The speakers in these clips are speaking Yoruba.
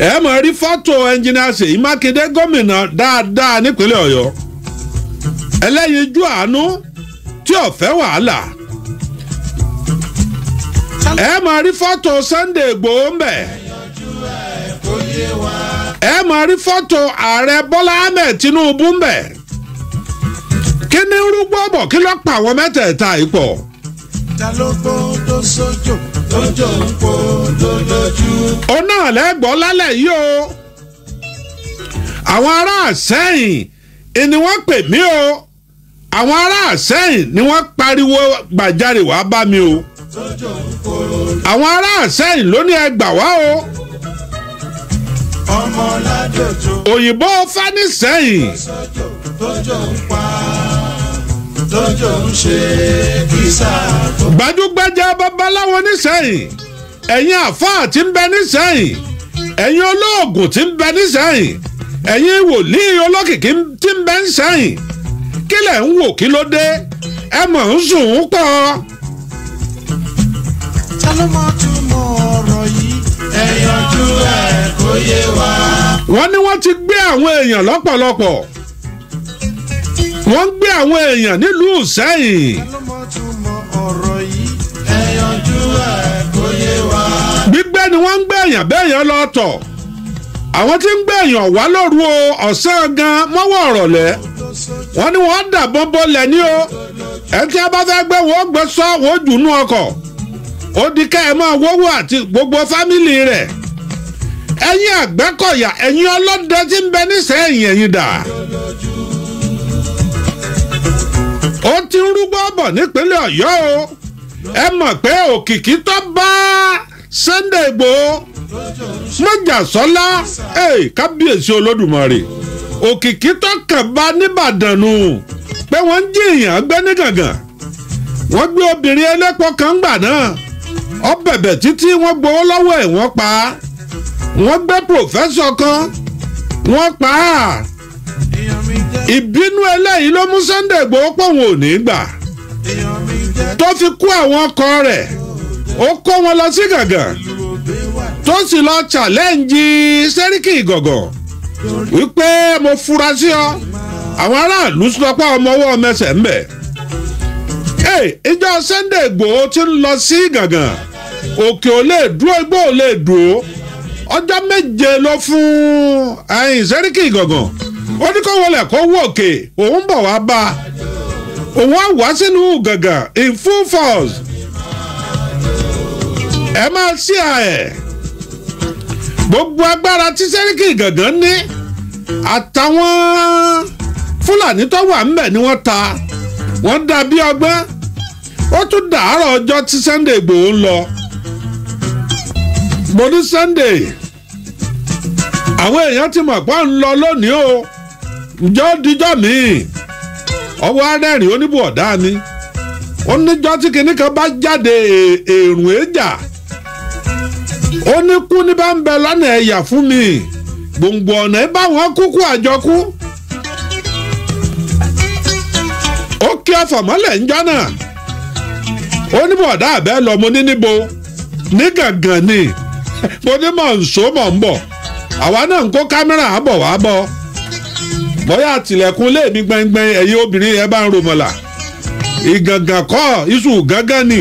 ẹ mọ̀ rí fọ́tò ẹnjìnìá Ṣèyí Mákindé gómìnà dáadáa nípínlẹ̀ Ọ̀yọ́ ẹlẹ́yinjú àánú tí ò fẹ́ wàhálà ẹ mọ̀ rí fọ́tò Sunday Ìgbòho ń bẹ̀ ẹ mọ̀ rí fọ́tò ààrẹ Bọ́lá Ahmed Tinubu ń bẹ̀ kí ni rúgbọ́bọ̀ kí ló pa àwọn mẹ́tẹ̀ẹ̀ta yìí pọ̀ ta ló gbódó sójò lójó ń gbódó lójú. ó náà lẹ́gbọ́ lálẹ́ yìí o àwọn ará àsẹ́yìn ni wọ́n pè mí o àwọn ará àsẹ́yìn ni wọ́n pariwo gbàjarè wá bá mi o àwọn ará àsẹ́yìn ló ní ẹ wá o òyìnbó fanisẹ́yìn. tọ́jọ́ ń ṣe kìsà. gbajúgbajà babaláwo nísẹ̀yìn ẹ̀yin àfáà tí ń bẹ nísẹ̀yìn ẹ̀yin olóògùn ti ń bẹ nísẹ̀yìn ẹ̀yin wòlíì olókìkí ti ń bẹ kílẹ̀ ń wò kí ẹ ta ló máa túmọ̀ ọ̀rọ̀ yìí wa. wọ́n ní wọ́n ti gbé àwọn èèyàn lọ́pọ̀lọpọ̀ wọ́n ń gbé àwọn èèyàn nílùú sẹ́yìn. gbígbẹ́ ni wọ́n ń gbé èèyàn bẹ́ẹ̀yàn lọ́tọ̀ àwọn tí ń gbé èèyàn wá lóru o ọ̀sán gan mọ́wọ́ ọ̀rọ̀lẹ́ wọ́n ní wọ́n dàbọ̀ bọ́lẹ̀ ní o ẹtí a bá fẹ́ gbé wọ́n gbé sọ wọ́n jù ọkọ̀ ó di ká ẹ mọ wọ́wọ́ àti gbogbo fámìlì rẹ̀ ẹ̀yin àgbẹ̀kọ̀yà ẹ̀yin ọlọ́dẹ tí ń bẹ nísẹ̀yìn ẹ̀yin dà. ti ń rúgbọ́ bọ̀ nípínlẹ̀ ọ̀yọ́ o ẹ mọ̀ pé òkìkí tó bá Sunday Igboho Mọ́jàsọ́lá kábíyèsí olódùmarè òkìkí tó kàn bá nìbàdàn nù pé wọ́n ń jìyàn gbé ní gàngàn wọ́n gbé obìnrin ẹlẹ́pọ̀ kan gbà náà ọ bẹ̀bẹ̀ títí wọ́n gbowó lọ́wọ́ ẹ̀ wọ́n pa á wọ́n gbé pòfẹ́sọ̀ kan wọ́n pa á ìbínú eléyìí ló mú Sunday Igboho pòun ò ní gbà tó fi kó àwọn ọkọ rẹ̀ ó kó wọn lọ sí gàngàn tó sì lọ challenge sẹ́ríkì ìgọ̀gọ̀ wípé mo fura sí ọ àwọn aráàlú sọpá ọmọ ọwọ́ mẹsẹ̀ ń bẹ̀. ìjọ Sunday Igboho ti ń lọ sí gàngàn òkè ò lè dúró igbó ò lè dúró ọjọ́ méje ló fún ẹ̀yìn sẹ́ríkì ìgọ̀gàn. ó ní kó wọlé kó wọ òkè òun bọ̀ wá bá òun á wá sínú gàngàn in full force ẹ máa ṣí à gbogbo agbára tí sẹ́ríkì gàngàn ní àtàwọn fúlàní tó wà ńbẹ̀ ni wọ́n ta wọ́n dà bí ọgbọ́n ó tún dàárọ̀ ọjọ́ tí Sunday Igboho ń lọ mo ní Sunday àwọn èèyàn ti mọ̀ pọ́n ń lọ lónìí o Njọ díjọ́ míì ọwọ́ arẹ́rìn oníbù ọ̀dá ni ó níjọ́ tí kinní kan bá jáde èrùn èjà ó ní bá ń bẹ lọ́nà ẹ̀yà fún mi gbòǹgbò ọ̀nà ẹ bá wọn kúkú àjọkú ó kí náà ní gàngàn ni mo ní bóyá àtìlẹ̀kùn lé mi gbẹngbẹng ẹ̀yin obìnrin ẹ bá ń romọ̀là ìgàngàn kọ́ iṣu gángan ni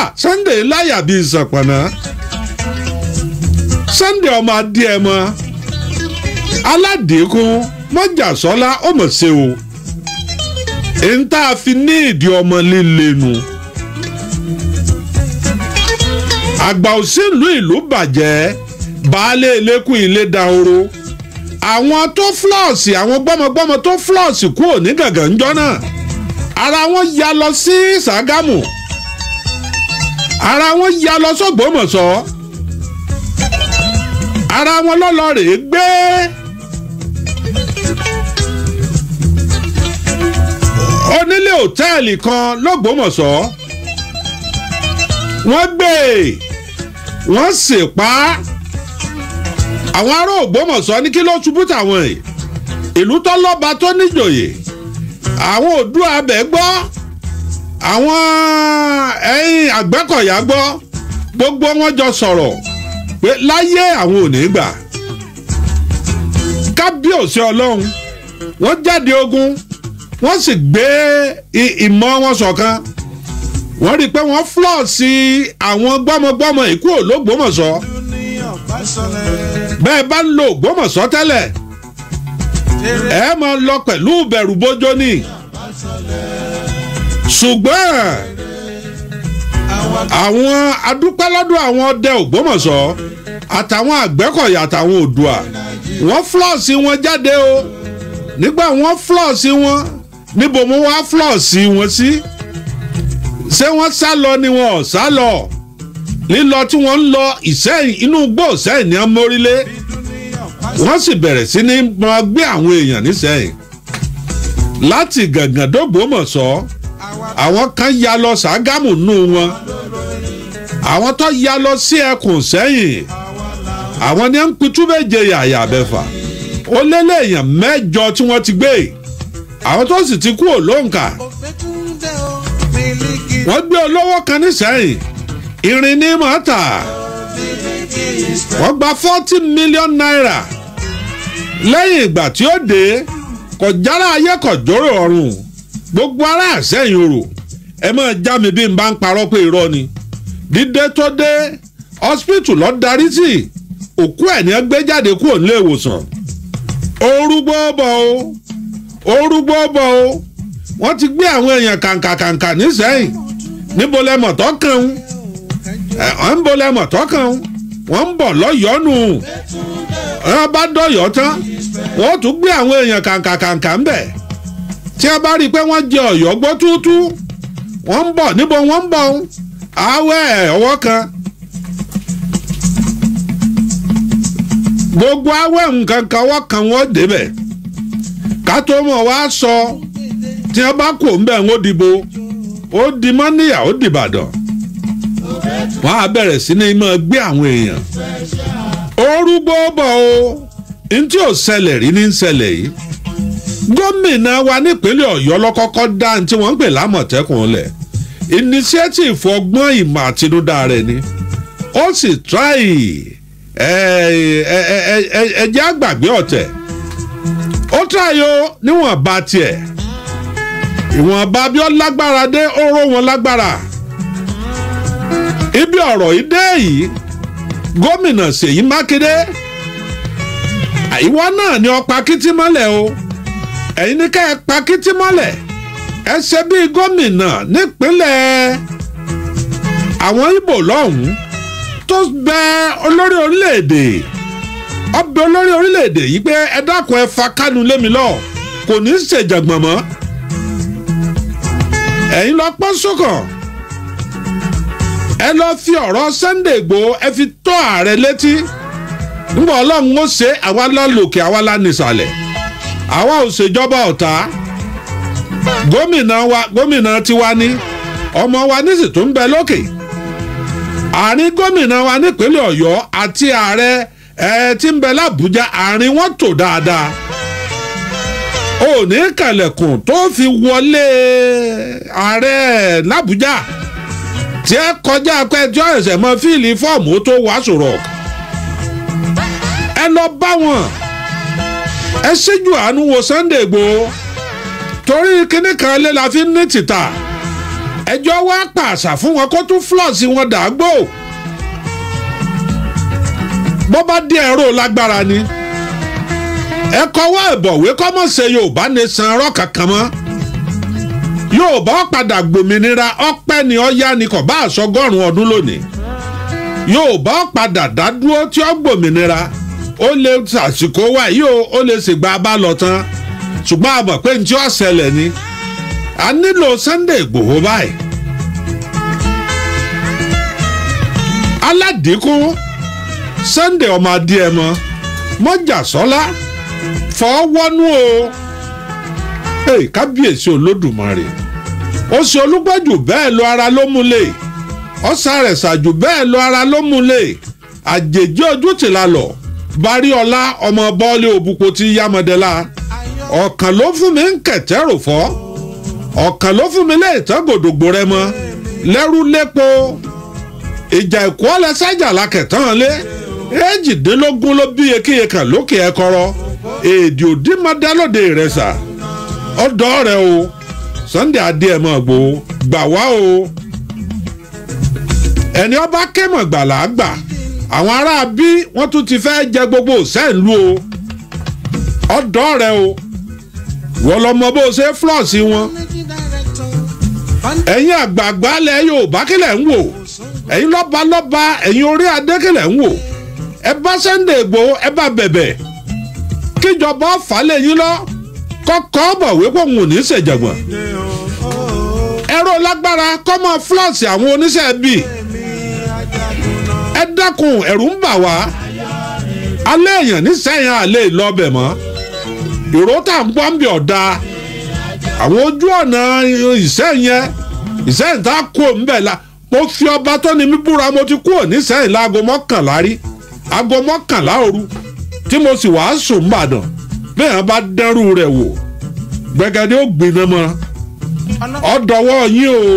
ah Sunday láyà bíi ìsàpànà Sunday ọmọ adìẹ mọ aládìíkún mọ́jàsọ́lá ọmọ ṣe o èyí tá a fi ní ìdí ọmọ líle nu. àgbà òṣèlú ìlú bàjẹ́ baálé elékùn ilé dahoro àwọn tó flọ́ọ̀sì àwọn gbọ́mọgbọ́mọ tó flọ́ọ̀sì kúrò ní gàngàn jọ náà ara wọn ya lọ sí sàgámù ara wọn ya lọ Sọgbọmọsọ. ara wọn lọ́lọ́ rèé gbé. onílé òtẹ́ẹ̀lì kan l'Ògbómọ̀ṣọ́ wọ́n gbé e, wọ́n sì pa á. àwọn ará Ògbómọ̀ṣọ́ ni kí ló ṣubú tàwọn yìí ìlú tó lọ́ba tó níjòyè àwọn Oòduà abẹ gbọ́ àwọn ẹ̀yìn Àgbẹ̀kọ̀yà gbọ́ gbogbo wọn jọ sọ̀rọ̀ pé láyé àwọn ò ní gbà kábíyèsí ọlọ́run wọ́n jáde ogun wọ́n sì gbé ìmọ̀ wọn ṣọ̀kan wọ́n rí i pé wọ́n flọ́ọ̀sì àwọn gbọ́mọgbọ́mọ ìkú òlógbòmọ̀ṣọ́ bẹ́ẹ̀ bá ń lo Ògbómọ̀ṣọ́ tẹ́lẹ̀ ẹ máa lọ pẹ̀lú ìbẹ̀rù bójó ni ṣùgbọ́n àwọn adúpẹ́ lọ́dọ̀ àwọn ọdẹ Ògbómọ̀ṣọ́ àtàwọn Àgbẹ̀kọ̀yà àtàwọn Oòduà wọ́n flọ́ọ̀sì wọn jáde o nígbà wọ́n flọ́ọ̀sì wọn níbo mo wá flọ́ọ̀sì wọn sí ṣé wọ́n sá lọ ni wọn ò sá lọ lílọ tí wọ́n ń lọ ìsẹ́yìn inú igbó ìsẹ́yìn ní amórílé wọ́n sì bẹ̀rẹ̀ sí ní máa gbé àwọn èèyàn nísẹ́yìn láti gàngàn dógbòmọ̀ṣọ́ àwọn kan ya lọ Ṣàgámù nù wọn àwọn tó ya lọ sí ẹkùn sẹ́yìn àwọn ni ń pitú méje yàyà àbẹ̀fà ó lé lẹ́yìn mẹ́jọ tí wọ́n ti gbé àwọn tó sì ti kú òlóǹkà wọ́n gbé olówó kan nísẹ́yìn irin ní mọ́tà wọ́n gba forty million naira lẹ́yìn ìgbà tí ó dé kò jára ayé kò ọ̀run gbogbo ará àṣẹyìn orò ẹ máa já mi bí n bá ń parọ́ pé irọ́ ni dídé tó dé hospital lọ darí sí òkú ẹ̀ ní gbé jáde kúrò nílé ìwòsàn orúgbó bọ̀ o orúgbó bọ̀ o wọ́n ti gbé àwọn èèyàn kàǹkàkàǹkà nísẹ́yìn níbo lẹ mọ̀ kàn ń. ọ̀ ń kan wọ́n ń bọ̀ lọ́yọ̀ọ́ nù ọ bá dọ̀yọ̀ tán wọ́n tún gbé àwọn èèyàn kàǹkàǹkà ń bẹ̀ tí a bá rí i pé wọ́n jẹ ọ̀yọ́ gbọ́ túútú wọ́n ń bọ̀ níbo wọ́n ń bọ̀ ọwọ́ kan gbogbo nǹkan kan kan wọ́n débẹ̀ mọ̀ wá sọ tí bá kò ń bẹ̀ ń ó dìbò ó wọ́n á bẹ̀rẹ̀ sí ní máa gbé àwọn èèyàn o, bọ̀ o n tí ò ṣẹlẹ̀ rí ní ṣẹlẹ̀ yìí gómìnà wa nípínlẹ̀ ọ̀yọ́ lọ́kọ́kọ́ dá ní tí wọ́n ń pè lámọ̀tẹ́kùn lẹ̀ initiative ọgbọ́n ìmọ̀ àtinúdá ni ó sì ẹ̀jẹ̀ àgbàgbé ọ̀tẹ̀ ó o níwọ̀n tiẹ̀ ìwọ̀n bí ó lágbára dé wọn lágbára. ibi ọ̀rọ̀ yìí dé yìí gómìnà Ṣèyí Mákindé àìwọ́ náà ni ọ̀pá kìtì mọ́lẹ̀ o ẹ̀yin ní ká ẹ pa kìtì mọ́lẹ̀ ẹ ṣe bíi gómìnà nípínlẹ̀ àwọn Ìgbò lọ́hùn-ún tó bẹ olórí orílẹ̀-èdè ọbẹ̀ olórí orílẹ̀-èdè yìí pé ẹ dákun ẹ fa Kánú lémi lọ kò ní í ṣèjàgbọ̀n mọ́ ẹ̀yin lọ pọ́n sókàn. ẹ lọ́ọ́ fi ọ̀rọ̀ Sunday Igboho ẹ fi tó ààrẹ létí ńgbọ́ ọlọ́run ó ṣe àwa lálòkè àwa lánìsàlẹ̀ àwa ò ṣèjọba ọ̀tá gómìnà wa gómìnà tiwa ni ọmọ wa ní sì tún ń bẹ lókè àárín gómìnà wa nípínlẹ̀ Ọ̀yọ́ àti ààrẹ ẹ ti ń bẹ lábújá àárín wọn tò dáadáa ò ní kàlẹ̀kùn tó fi wọlé ààrẹ lábújá. tí ẹ kọjá apẹjọ ẹsẹ̀ mọ fíìlì fọ́ọ̀mù ó tó wàásù rock ẹ lọ bá wọn ẹ ṣíjú àánú wo Sunday Igboho torí kinní kan lé la fi ní títà ẹjọ́ wá pàṣà fún wọn kó tún flọ́ọ̀sì wọn dàgbò bó bá dé ẹ̀rọ lágbára ni ẹ kọ́wọ́ ẹ̀bọ̀wé kọ́mọ̀ṣe Yorùbá nation rọ́ kankan mọ́. Yorùbá padà gbòmìnira ọpẹ́ ni ọ̀yá ni kò bá àṣọgọ́rùn ọdún lónìí Yorùbá padà dádúró tí ó gbòmìnira ó lè àsìkò wà yìí ó lè ṣègbà bá lọ tán ṣùgbọ́n a mọ̀ pé ní tí ó ṣẹlẹ̀ ni a nílò Sunday Ìgbòho báyìí. aládìíkú Sunday ọmọ adìẹ mọ mọjà sọlá fọwọ́nú o kábíyèsí Olódùmarè. ó ṣe olúgbẹ́jù bẹ́ẹ̀ lọ ara ló múlẹ̀ ọ̀sà rẹ̀ ṣàjù bẹ́ẹ̀ lọ ara ló múlẹ̀ àjèjì ojú la lọ bari ọlá ọmọ bọ́ọ̀lì òbúkọ ti yámọ̀dẹ́lá ọ̀kan ló fún mi ń kẹ̀tẹ́ rò fọ́ ọ̀kan ló fún mi lé ìtàn gòdògbò rẹ mọ́ lẹ́rú lépo ìjà ìkọ́lẹ̀ la kẹ̀tàn lé èjìdínlógún ló bí ekéye kan lókè ẹ̀kọ́rọ́ èdè òdì máa dá lóde Sunday adé ẹ̀ mọ̀ gbòó gbà wá o ẹni ọba kẹ́mọ̀ gbàlà gbà àwọn ará bí wọ́n tún ti fẹ́ jẹ gbogbo sẹ́ǹlú o ọ̀dọ́ rẹ o wọ́n lọ mọ bó ṣe flọ́ọ̀sì wọn ẹ̀yin àgbààgbà lẹ̀ Yorùbá kílẹ̀ ń wò ẹ̀yin lọ́balọ́ba ẹ̀yin orí adé kílẹ̀ ń wò ẹ bá Sunday Igboho ẹ bá bẹ̀bẹ̀ kíjọba ọ̀fà lẹ́yìn lọ́ọ́. kọ́kọ́ bọ̀wé pòun ò ní ṣèjàgbọ̀n lágbára àwọn oníṣẹ́ bí ẹ dákun ẹ̀rù ń bà wá alẹ́ èèyàn nísẹ̀yìn ìró ń ọ̀dà àwọn ojú ọ̀nà ìṣẹ̀yìn ìṣẹ̀yìn tá a mo fi ọba tó ni mí mo ti mọ́kànlá rí aago mọ́kànlá tí mo sì bẹ́ẹ̀ bá dẹ́rù rẹ̀ wò gbẹ̀gẹ̀dé ó gbiná mọ́ ọ̀dọ̀wọ́ yín o.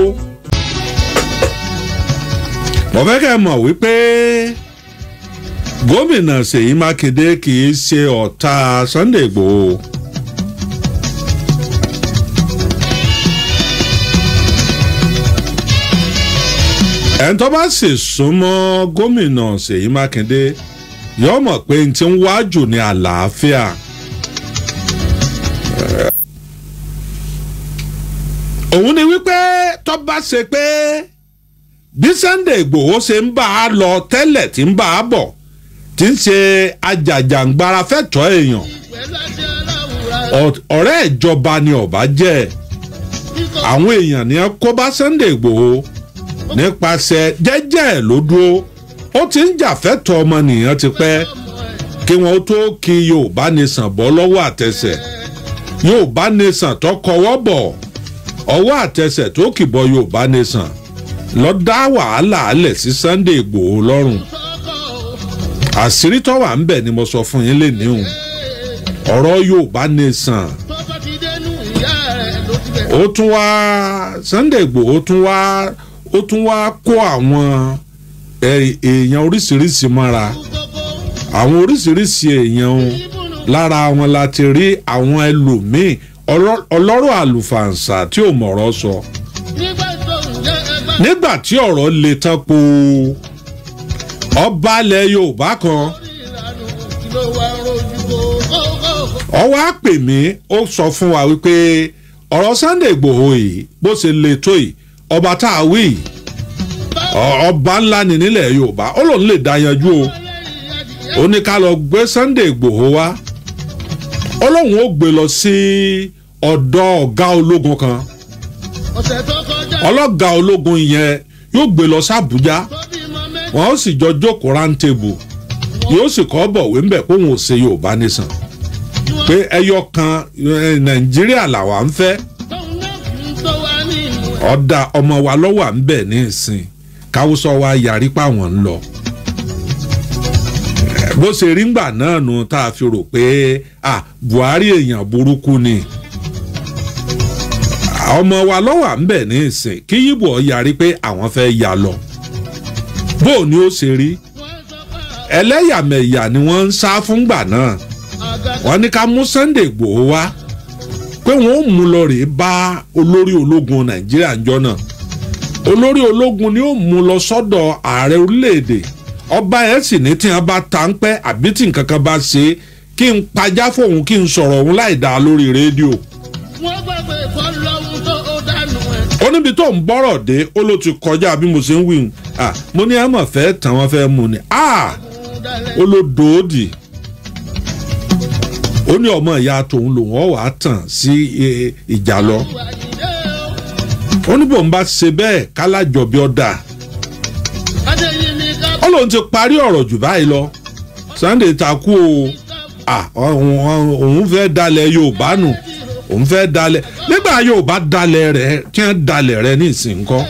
mo mọ̀ wípé gómìnà Ṣèyí Mákindé kì í ṣe ọ̀tá Sunday Ìgbòho. ẹni tó bá sì súnmọ́ gómìnà Ṣèyí Mákindé yóò mọ̀ pé n ti ń wájú ní àlàáfíà. òun ni wípé tó bá ṣe pé bí Sunday Ìgbòho ṣe ń bá a lọ tẹ́lẹ̀ tí ń bá a bọ̀ tí ń ṣe ajàjàǹgbara fẹ́tọ́ èèyàn ọ̀rẹ́ ìjọba ni ọ̀bá jẹ́ àwọn èèyàn ni kó bá Sunday Ìgbòho nípasẹ̀ jẹ́jẹ́ ló dúró ó ti ń jàfẹ́tọ̀ ọmọnìyàn ti pẹ́ kí wọ́n tó kí Yorùbá sàn bọ́ lọ́wọ́ àtẹsẹ̀. Yorùbá Nation tó kọwọ́ bọ̀ ọwọ́ àtẹsẹ̀ tó kìbọ̀ Yorùbá lọ dá wàhálà alẹ̀ sí Sunday Ìgbòho lọ́rùn àṣírí tó wà ń ni mo sọ fún yín lénìí o ọ̀rọ̀ ó tún wá Sunday Ìgbòho tún wá ó tún wá kó àwọn eh, èèyàn oríṣiríṣi mọ́ra o. lára wọn la ti rí àwọn ẹlòmíì ọlọ́rọ̀ àlùfàǹsà tí ò mọ̀rọ̀ sọ. nígbà tí ọ̀rọ̀ le tán po ọba ilẹ̀ yorùbá kan ó wá pè mí ó sọ fún wa wípé ọ̀rọ̀ Sunday Igboho yìí bó ṣe le tó yìí ọba tá a wí ọba ńlá ni nílẹ̀ yorùbá ó lòun lè dá yanjú o ó ní ká lọ gbé Sunday Igboho wá. ọlọ́run ó gbé lọ sí ọ̀dọ̀ ọ̀gá ológun kan ọlọ́gá ológun yẹn yóò gbé lọ sí wọn ó sì jọ jókòó rántébù yóò sì kọ́ bọ̀wé ńbẹ̀ kó wọn ò ṣe Yorùbá nìsan pé ẹyọ kan eh, Nàìjíríà ń fẹ́ ọ̀dà ọmọ wa lọ́wọ́ à ń bẹ̀ ní ìsìn káwùsọ wa lọ. bó ṣe rí ngbà náà nu tá a fi rò pé ah Buhari èèyàn burúkú ni ọmọ wa lọ́wọ́ à ń bẹ̀ ní ìsìn kí yíbo yarí pé àwọn fẹ́ ya lọ bó ni ó ṣe rí ẹlẹ́yàmẹ̀yà ni wọ́n ń sá fúngbà náà wọ́n ní ká mú Sunday Igboho wá pé wọ́n ó mú lọ rèé bá olórí ológun Nàìjíríà ńjọ́ náà olórí ológun ni ó mú lọ sọ́dọ̀ ààrẹ orílẹ̀-èdè ọba ẹ̀ sì ní tí wọ́n bá ta ń pẹ́ àbí tí nǹkan kan bá ṣe é kí n pajá fóun kí n sọ̀rọ̀ òun láì dáa lórí rédíò. wọ́n gbàgbé kọ́ lọ́hún tó ó dànù ẹ̀. ó níbi tó ń bọ́rọ̀ dé ó ló ti kọjá bí mo ṣe ń wíhun mo ní àmọ̀ fẹ́ tàn wọ́n fẹ́ mu ni ó ló dòódì ó ní ọmọ ìyá tòun lòun ọ̀ wá tàn sí e, ìjà lọ ó ní bò ń bá ṣe bẹ́ẹ̀ kálájọbí ọ̀dà lóun ti parí ọ̀rọ̀ jù báyìí lọ Sunday takú o òun fẹ́ dalẹ̀ Yorùbá nù òun fẹ́ dalẹ̀ nígbà Yorùbá dalẹ̀ rẹ̀ kí wọ́n dalẹ̀ rẹ̀ ní ìsìn kọ́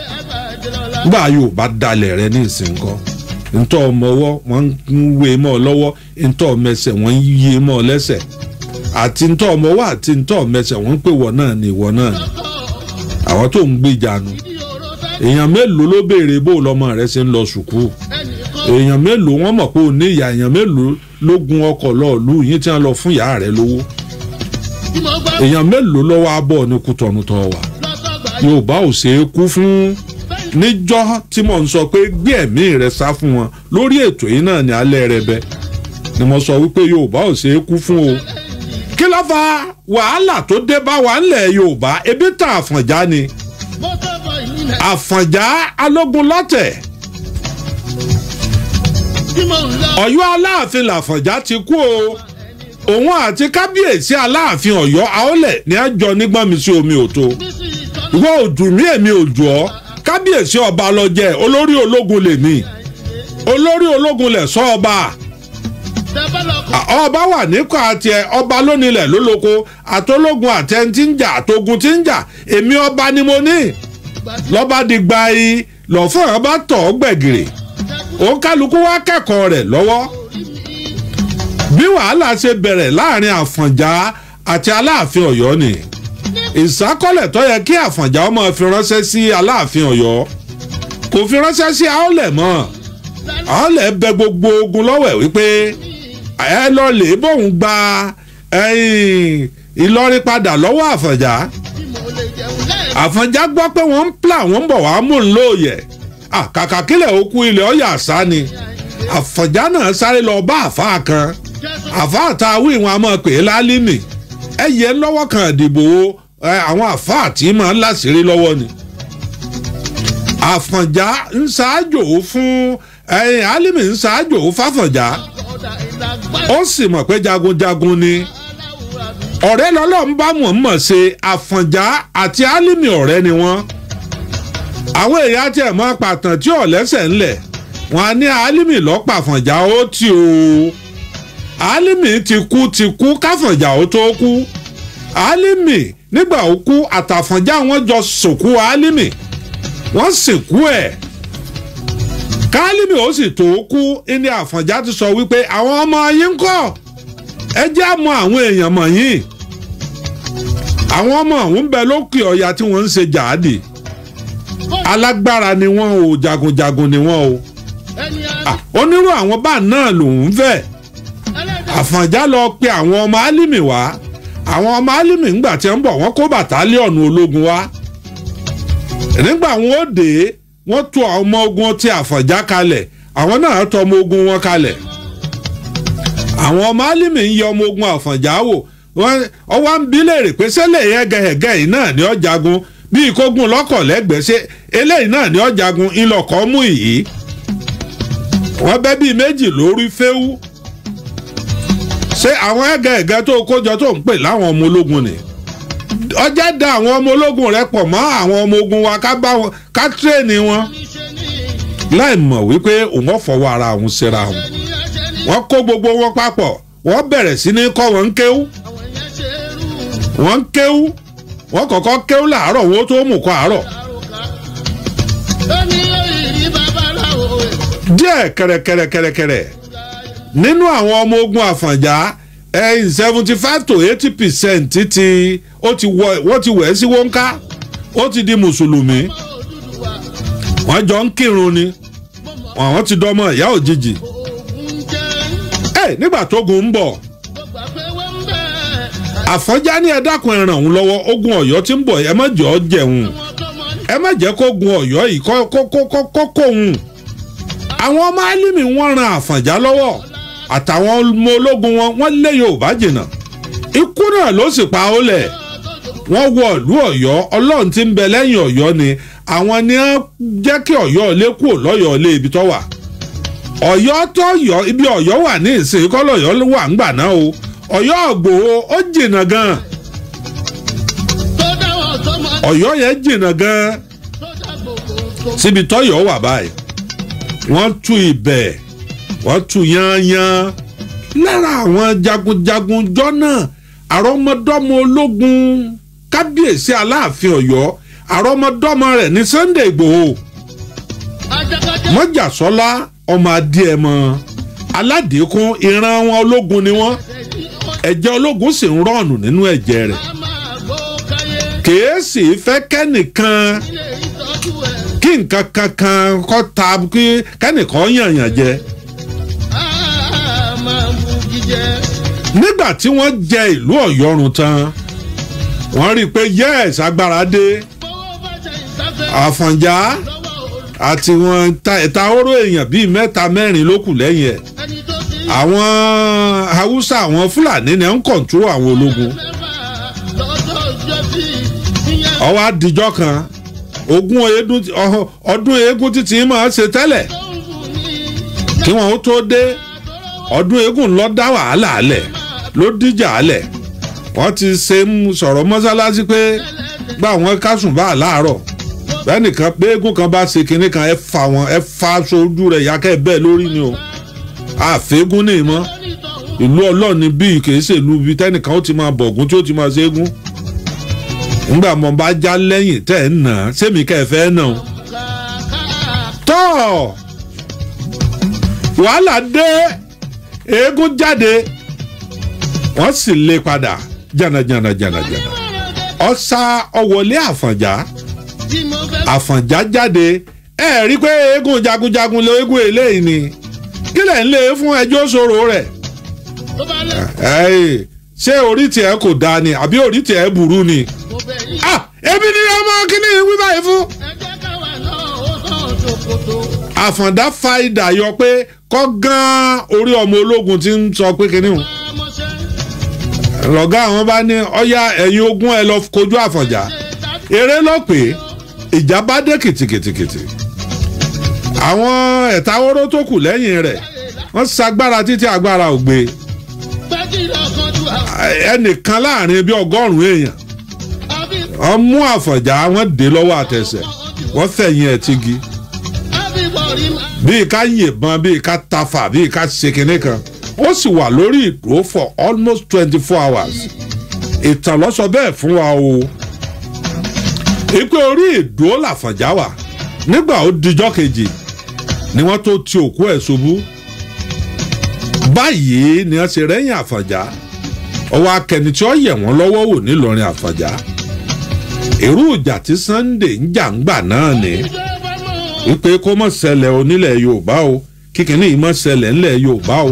nígbà Yorùbá dalẹ̀ rẹ̀ ní ìsìn kọ́ ntọ́ ọmọwọ́ wọ́n ń wé mọ́ ọ lọ́wọ́ ntọ́ ọmẹsẹ̀ wọ́n ń yé mọ́ ọ lẹ́sẹ̀ àti ntọ́ ọmọwọ́ àti ntọ́ ọmẹsẹ̀ wọ́n ń pè wọ́n náà ni wọ́n náà ni àwọn tó ń gbé jànú èèyàn mélòó ló béèrè bó lọmọ rẹ ṣe ń lọ sùkúù èèyàn mélòó wọ́n mọ̀ pé o ní ìyá èèyàn mélòó ló gun ọkọ̀ lọ́ọ̀lù yín tí wọ́n lọ fún ìyá rẹ̀ lówó èèyàn mélòó lọ́wọ́ abọ́ ní kutọ̀nù tọ́ wa yorùbá ò ṣe é kú fún níjọ́ tí mò ń sọ pé gbé ẹ̀mí rẹ̀ sá fún wọn lórí ètò yìí náà ní alẹ́ rẹ bẹ ni mo sọ wípé yorùbá ò ṣe é kú fún o kí ló fa wàhálà tó dé bá wa ńlẹ̀ yorùbá ebi tán àfọ̀njá ni àfọ̀njá alógun látẹ̀ Ọ̀yọ́ aláàfin làfọ̀njá ti kú o òun àti kábíyèsí aláàfin Ọ̀yọ́ àólẹ ní àjọ nígbàmí sí omi òtó ìwọ òjò mi èmi òjò ọ kábíyèsí ọba lọ jẹ olórí ológun lèmi olórí ológun lẹ sọ ọba ọba wà níkọ̀ àti ẹ ọba lónìlẹ̀ lóloko àtológun àtẹn tí ń jà àtogun tí ń jà èmi ọba ni mo ní lọ́ba dìgbà yìí lọ́fọ̀ọ́ bá tọ̀ ọ́ gbẹ̀gìrì òun kálukú wá kẹ́kọ̀ọ́ rẹ̀ lọ́wọ́ bí wàhálà ṣe bẹ̀rẹ̀ láàrin àfọ̀njá àti aláàfin ọ̀yọ́ ni ìsákọ́lẹ̀ tó yẹ kí àfọ̀njá ọmọ fi ránṣẹ́ sí aláàfin ọ̀yọ́ kò fi ránṣẹ́ sí aólẹ̀ mọ́ aólẹ̀ bẹ gbogbo ogun lọ́wẹ̀ wípé ẹ lọ lè bóun gba ìlọrin padà lọ́wọ́ àfọ̀njá àfọ̀njá gbọ́ pé wọ́n ń pla wọ́n ń bọ̀ wá mú un lóòyẹ̀ àkàkà kílẹ̀ ó kú ilẹ̀ ọ̀yà sá ni àfọ̀njá náà sáré lọ bá àfáà kan àfáà tá a wí wọn a máa pè é lálímì ẹ lọ́wọ́ kan àdìbò àwọn àfáà tí máa ń láṣìírí lọ́wọ́ ni àfọ̀njá ń ṣáájò fún ẹyin alimi ń ṣáájò fáfọ̀njá ó sì mọ̀ pé jagunjagun ni ọ̀rẹ́ lọ́lọ́ ń bá mọ̀ mọ̀ ṣe àfọ̀njá àti alimi ọ̀rẹ́ ni wọ́n. àwọn èèyàn tiẹ̀ mọ́ pàtàn tí ò lẹ́sẹ̀ ńlẹ̀ wọn ní Àlímì lọ́pàfọ̀njà ó ti o Àlímì ti kú ti kú káfọ̀njà ó tó kú Àlímì nígbà ó kú àtàfọ̀njà wọn jọ sòkú Àlímì wọ́n sìnkú ẹ̀ kálímì ó sì tó kú ní àfọ̀njà ti sọ wípé àwọn ọmọ yín kọ́ ẹ jẹ́ àmọ́ àwọn èèyàn mọ̀ yín àwọn ọmọ ọ̀hún bẹ lókè ọ̀yà tí wọ́n ń ṣe jàádì alágbára ni wọn o jagunjagun ni wọn o ah, onírú àwọn bá náà lòún fẹ́ àfọ̀njá lọ pe àwọn ọmọ álímì wá àwọn ọmọ álímì ńgbà tí ń bọ̀ wọ́n kó bàtálíọ̀nù ológun wá nígbà wọn ó dé àwọn ọmọ ogun ti àfọ̀njá kalẹ̀ àwọn náà tọ ọmọ ogun wọn kalẹ̀ àwọn ọmọ álímì ń yẹ ogun àfọ̀njá wò wọ́n wá ń bi léèrè pé ṣẹlẹ̀ yẹ gẹ̀ẹ́gẹ́ yìí bí ìkógun lọ́kọ̀ lẹ́gbẹ̀ẹ́ ṣe eléyìí náà ni ọ̀jagun ńlọkọ̀ mú yìí wọ́n bẹ́ bíi méjì lórí fẹ́wú ṣé àwọn ẹ̀gẹ̀ẹ̀gẹ̀ tó kójọ tó ń pè láwọn ọmọ ológun ni ọjà da àwọn ọmọ ológun rẹ pọ̀ mọ́ àwọn ọmọ ogun wa ká bá wọn ká tírèèni wọn láì mọ̀ wípé òun ọ̀fọwọ́ ara òun ṣera òun wọ́n kó gbogbo wọn papọ̀ wọ́n bẹ̀rẹ̀ sí ní kọ́ wọn ń kéwú wọ́n ń kéwú wọ́n kọ́kọ́ kéwú làárọ̀ wọ́n tó mú kọ́ àárọ̀. díẹ̀ kẹ̀rẹ̀kẹ̀rẹ̀kẹ̀rẹ̀ nínú àwọn ọmọ ogun àfànjá ẹ̀yìn seventy five to eighty percent ti wọ́n ti wẹ̀ sí wọ́nká ó ti di mùsùlùmí wọ́n jọ ń kírun ni Wọ́n ti dọ́mọ ìyá òjijì. ẹ nígbà tógun ń bọ̀ àfọ̀njá ní ẹ dákun òun lọ́wọ́ ogun ọ̀yọ́ tí ń bọ̀ ẹ má jẹ́ ọ jẹun ẹ má jẹ́ kó ogun ọ̀yọ́ yìí kó kó kó kó kóhun àwọn ọmọ alimi wọ́n ran àfọ̀njá lọ́wọ́ àtàwọn ọmọ ológun wọn wọ́n lé yorùbá jìnnà ikú náà ló sì pa ó lẹ̀ wọ́n wọ ìlú ọ̀yọ́ ọlọ́run tí ń bẹ lẹ́yìn ọyọ ni àwọn ni wọ́n jẹ́ kí ọ̀yọ́ lé kúrò lọ́yọ̀ lé ibi tó wà ọ̀yọ́ tó ibi ọyọ wà ní ìsìn kọ́lọ́yọ́ wà ń náà o. ọ̀yọ́ ògbòho ó jìnnà gan ọ̀yọ́ yẹn jìnnà gan síbi tọ́yọ̀ wà báyìí wọ́n tú ibẹ̀ wọ́n tú yányán lára àwọn jagunjagun jọ́nà àrọ́mọdọ́mọ ológun kábíyèsí aláàfin ọ̀yọ́ àrọ́mọdọ́mọ rẹ̀ ní Sunday Ìgbòho mọ́jàsọ́lá ọmọ adìẹ mọ́ aládìíkún ìran wọn ológun ni wọ́n ẹ̀jẹ̀ ológun sì ń rọ̀nù nínú ẹ̀jẹ̀ rẹ̀ kèésì fẹ́ kẹ́nìkan kí nǹkan kankan kọ́ ta kí kẹ́nìkan yànyàn jẹ. nígbà tí wọ́n jẹ ìlú ọ̀yọ́run tán wọ́n rí i pé yẹ́ẹ̀sì agbára dé àfọ̀njá àti wọn ta ìta èèyàn bíi mẹ́ta mẹ́rin ló kù lẹ́yìn ẹ̀ àwọn haúsá àwọn fúlàní ni ń kọ̀ǹtú àwọn ológun ọwọ́ àdìjọ́ kan ogún ọdún eégún títí máa ṣe tẹ́lẹ̀ kí wọ́n tó dé ọdún eégún lọ dá wàhálà alẹ̀ ló dìjà alẹ̀ wọ́n ti ṣe ń sọ̀rọ̀ mọ́sálásí pé gbà wọ́n kásùn bá láàárọ̀ bẹ́ẹ̀nìkan pé eégún kan bá ṣe kinní kan ẹ fà wọ́n ẹ fà aṣojú rẹ̀ yákẹ́ bẹ́ẹ̀ lórí ni o àfẹ́gún ní ìmọ̀. ìlú ọlọ́ọ̀ni bíi kìí ṣe ìlú bíi tẹ́nìkan ó ti máa bọ̀gùn tí ó ti máa ṣẹ́gun ńgbà mo bá já lẹ́yìn tẹ́ ẹ̀ nà sẹ́mi kẹfẹ́ nà ó. tọ́ wàhálà dé eégún jáde wọ́n sì lé padà jànàjànà jànàjànà ọ̀sà ọ̀wọ́lé jagunjagun eégún eléyìí ni kílẹ̀ ń lé e fún ẹjọ́ ṣé orí tiẹ̀ kò dáa ni àbí orí tiẹ̀ burú ni. èmi ni ọmọ kínní wí báyìí fún. àfọ̀ndá fa idà yọ pé kọ́ gan-an orí ọmọ ológun ti ń sọ pé kínní o. lọ́gá àwọn bá ní ọ̀yá ẹ̀yin ogun ẹ lọ kojú àfọ̀njá eré lọ pé ìjà bá dé kìtìkìtìkìtì àwọn ẹ̀ta wóró tó kù lẹ́yìn rẹ̀ wọ́n sagbára títí agbára ò ẹnìkan láàrin bíi ọgọ́rùn-ún èèyàn wọ́n mú àfọ̀njá wọ́n dé lọ́wọ́ àtẹ̀sẹ̀ wọ́n fẹ̀yìn ẹ̀ tigi bíi ká yìnbọn bíi ká tafà bíi ká ṣe kan ó sì wà lórí ìdúró for almost twenty four hours ìtàn ló sọ bẹ́ẹ̀ fún wa o ìpè orí ìdúró làfọ̀njá wà nígbà ó dijọ́ kejì ni wọ́n tó ti òkú ẹ̀ ṣubú. báyìí ni wọ́n ṣe rẹ́yìn àfàjá ọwọ́ akẹni tí ó yẹ̀ wọ́n lọ́wọ́ wò nílọrin àfàjá irú ìjà tí Sunday ń jà ń gbà náà ni wípé kó mọ̀ ṣẹlẹ̀ onílẹ̀ Yorùbá o kíkínní yìí mọ̀ ṣẹlẹ̀ ńlẹ̀ Yorùbá o.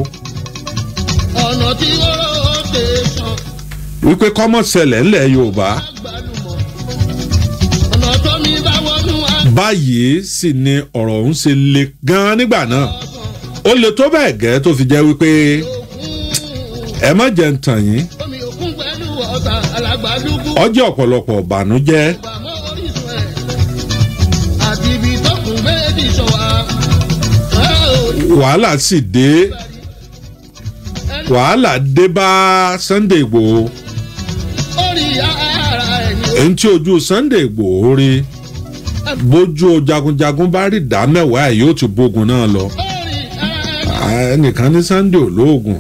ọ̀nà tí ó dé sàn. wípé kó mọ̀ ṣẹlẹ̀ ńlẹ̀ Yorùbá. ọ̀nà tó mi bá wọnú wa. báyìí sì ni ọ̀rọ̀ ń ṣe le gan-an nígbà náà. ó lè tó bẹ́ẹ̀ gẹ́ tó fi jẹ́ wípé ẹ má jẹ́ ń tàn yín ọjọ́ ọ̀pọ̀lọpọ̀ ìbànújẹ́. wàhálà sì dé wàhálà dé bá Sunday Igboho èyí tí ojú Sunday Igboho rí bójú jagunjagun bá rí ìdá mẹ́wàá yóò ti bógun náà lọ. Ah, ẹnìkan ní Sunday olóògùn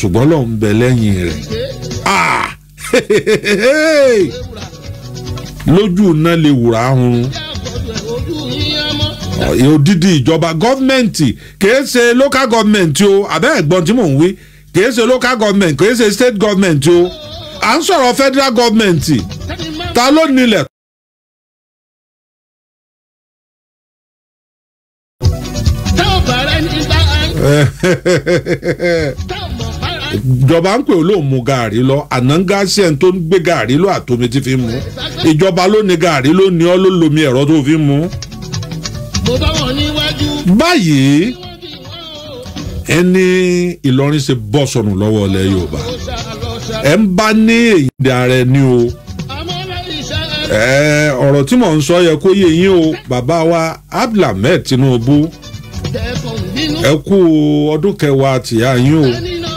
ṣùgbọ́n lọ́n ń bẹ lẹ́yìn rẹ̀ ah! lójú iná lè wùrà ahun òdìdí ah, ìjọba gọ́ọ̀mẹ̀ntì kìí ṣe local gọ́ọ̀mẹ̀ntì o àbẹ́ ẹ̀gbọ́n tí mò ń wí kìí ṣe local gọ́ọ̀mẹ̀ntì kìí ṣe state gọ́ọ̀mẹ̀ntì o à ń sọ̀rọ̀ federal gọ́ọ̀mẹ̀ntì ta ló nílẹ̀. ìjọba ń pè ó mu gààrí lọ ànáńgá sí ẹni tó ń gbé gààrí lọ àtomi tí fi mu ìjọba ló ní gààrí ló ní ọ ló lomi ẹ̀rọ tó fi mu. báyìí ẹni Ìlọrin ṣe bọ́ sọnù lọ́wọ́ ilẹ̀ Yorùbá ẹ̀ ń bá ní èyí di ara ẹni o ọ̀rọ̀ tí mò ń sọ yẹ kó yé yín o bàbá wa Abdulhamid Tinubu. No ẹ kú ọdún kẹwàá tìyá yín o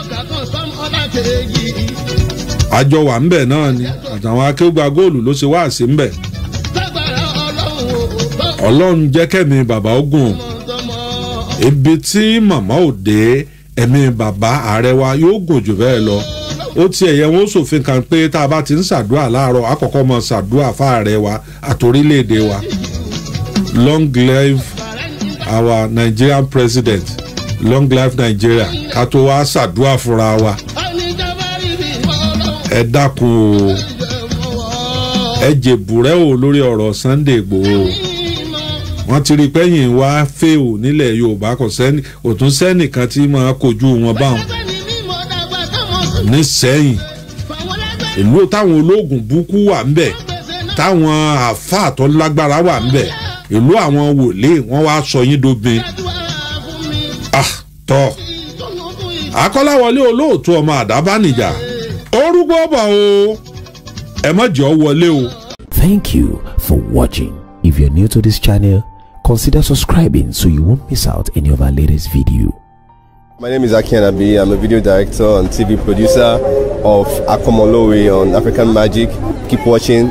àjọ wà ń bẹ̀ náà ni àtàwọn akéwùgbà góòlù ló ṣe wá sí ń bàbá ogun ibi tí màmá òde ẹ̀mí bàbá ààrẹ wa yóò gùn jù bẹ́ẹ̀ lọ ti ẹ̀yẹ wọn ṣòfin kan pé tá a bá ti ń ṣàdúrà ṣàdúrà fáàrẹ wa àtòrílẹ̀ wa long live our Nigerian president long life Nigeria ká tó wá ṣàdúrà fúnra wa ẹ dákun o ẹ jèbùrẹ́ o lórí ọ̀rọ̀ Sunday Igboho wọ́n ti rí i pẹ́yìn wá fẹ́ o nílẹ̀ Yorùbá kò sẹ́ni kò tún sẹ́nìkan tí máa kojú wọn báwọn ní ìlú táwọn ológun búkú wà ń bẹ̀ táwọn àfáà tó wà ń bẹ̀ ìlú àwọn wòlíì wọ́n wá sọ yín dóbin ah, tọ́ akọ́láwọlé olóòtú ọmọ àdábánijà orúkọ ọba o ẹ má jẹ́ ọ wọlé o. Thank you for watching. If you're new to this channel, consider subscribing so you won't miss out any of our latest video. My name is Aki Anabi. I'm a video director and TV producer of Akomolowe on African Magic. Keep watching